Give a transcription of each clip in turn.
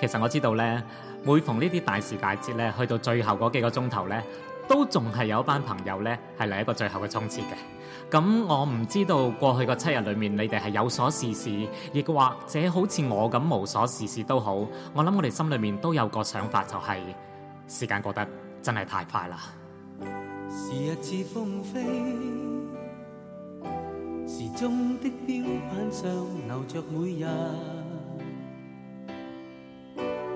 其實我知道咧，每逢大事大呢啲大時大節咧，去到最後嗰幾個鐘頭咧，都仲係有一班朋友咧，係嚟一個最後嘅衝刺嘅。咁我唔知道過去個七日裏面，你哋係有所事事，亦或者好似我咁無所事事都好。我諗我哋心裏面都有個想法，就是，就係時間過得真係太快啦。時日似風飛，時鐘的錶盤上流着每日。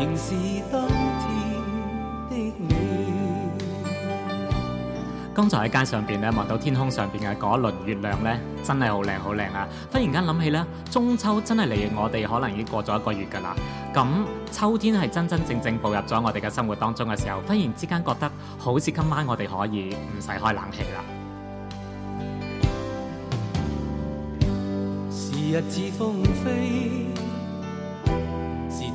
仍是冬天的你，剛才喺街上邊呢，望到天空上邊嘅嗰一輪月亮呢真係好靚好靚啊！忽然間諗起呢，中秋真係嚟，我哋可能已經過咗一個月噶啦。咁秋天係真真正正步入咗我哋嘅生活當中嘅時候，忽然之間覺得好似今晚我哋可以唔使開冷氣啦。時日似風飛。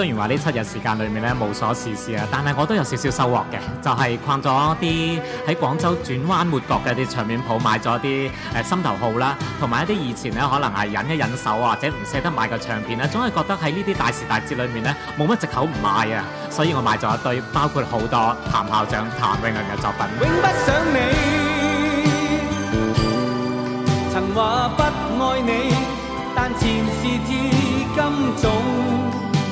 雖然話呢七日時間裏面咧無所事事啊，但係我都有少少收穫嘅，就係、是、逛咗啲喺廣州轉彎抹角嘅啲唱片鋪，買咗啲心頭好啦，同埋一啲以前呢可能係忍一忍手、啊、或者唔捨得買嘅唱片呢總係覺得喺呢啲大時大節裏面呢，冇乜藉口唔買啊，所以我買咗一堆，包括好多譚校長、譚詠麟嘅作品。永不想你」曾話不愛你」，曾但前事至今。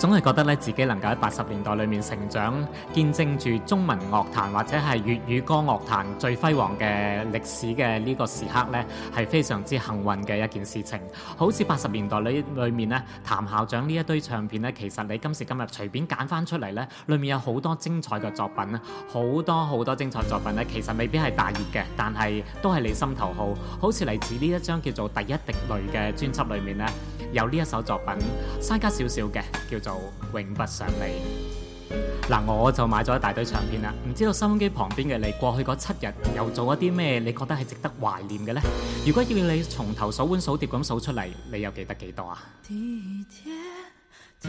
總係覺得咧，自己能夠喺八十年代裏面成長，見證住中文樂壇或者係粵語歌樂壇最輝煌嘅歷史嘅呢個時刻呢係非常之幸運嘅一件事情。好似八十年代裏面呢，譚校長呢一堆唱片呢其實你今時今日隨便揀翻出嚟呢裡面有好多精彩嘅作品啊，好多好多精彩作品呢其實未必係大熱嘅，但係都係你心頭好。好似嚟自呢一張叫做《第一滴淚》嘅專輯裏面呢。有呢一首作品，增加少少嘅，叫做《永不想你》。嗱，我就買咗一大堆唱片啦。唔知道收音機旁邊嘅你，過去嗰七日又做一啲咩？你覺得係值得懷念嘅呢？如果要你從頭數碗數碟咁數出嚟，你又記得幾多啊？第一天多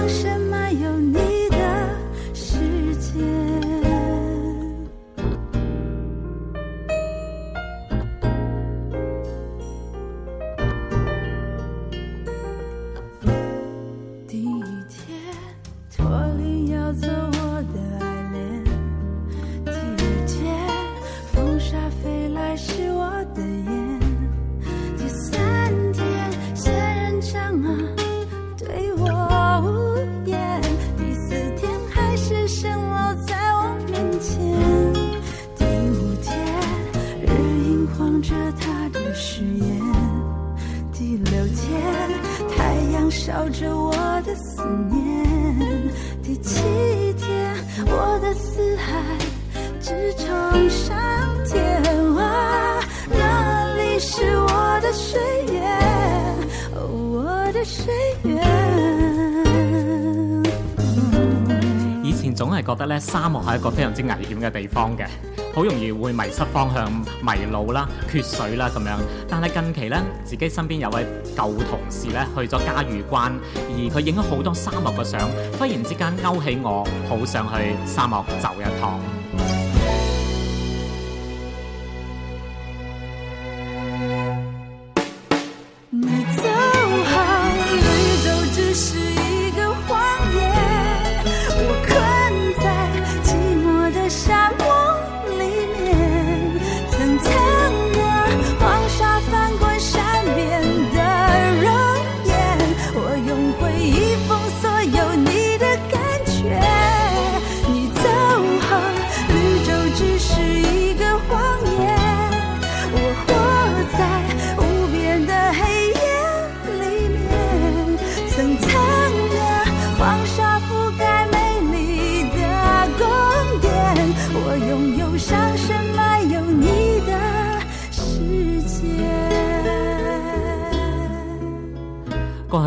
總係覺得咧沙漠係一個非常之危險嘅地方嘅，好容易會迷失方向、迷路啦、啊、缺水啦、啊、咁樣。但係近期咧，自己身邊有位舊同事咧去咗嘉峪關，而佢影咗好多沙漠嘅相，忽然之間勾起我好想去沙漠走一趟。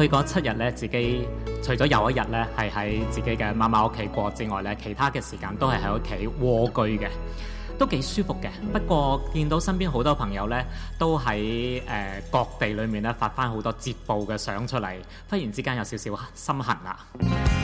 嗰七日咧，自己除咗有一日咧，係喺自己嘅媽媽屋企過之外咧，其他嘅時間都係喺屋企蝸居嘅，都幾舒服嘅。不過見到身邊好多朋友咧，都喺誒、呃、各地裏面咧發返好多捷報嘅相出嚟，忽然之間有少少心痕啦。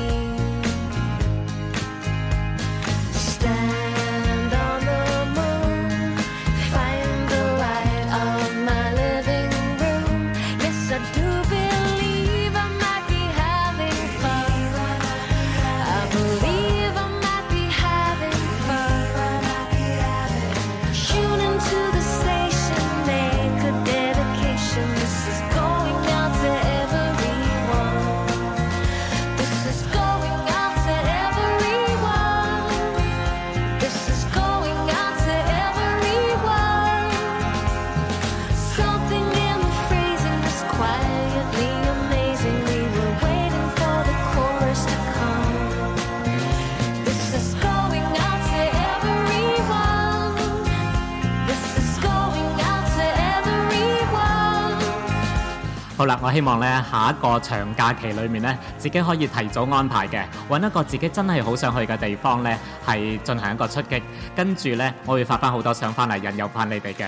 好啦，我希望咧，下一個長假期裏面咧，自己可以提早安排嘅，揾一個自己真係好想去嘅地方咧，係進行一個出擊，跟住咧，我會發翻好多相翻嚟引誘翻你哋嘅。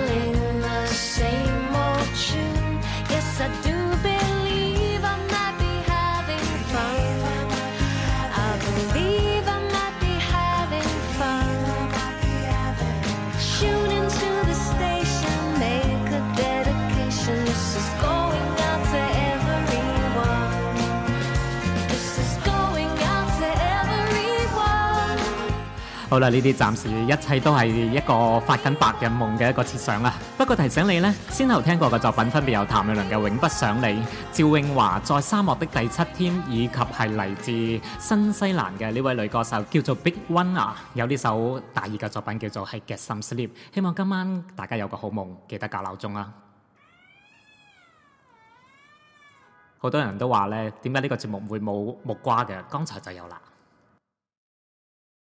好啦，呢啲暫時一切都係一個發緊白日夢嘅一個設想啦。不過提醒你咧，先後聽過嘅作品分別有譚詠麟嘅《永不想你》，趙詠華，在沙漠的第七天，以及係嚟自新西蘭嘅呢位女歌手叫做 Bic Runga 啊，有呢首第二嘅作品叫做係 Get Some Sleep。希望今晚大家有個好夢，記得校鬧鐘啦。好多人都話咧，點解呢個節目會冇木瓜嘅？剛才就有啦。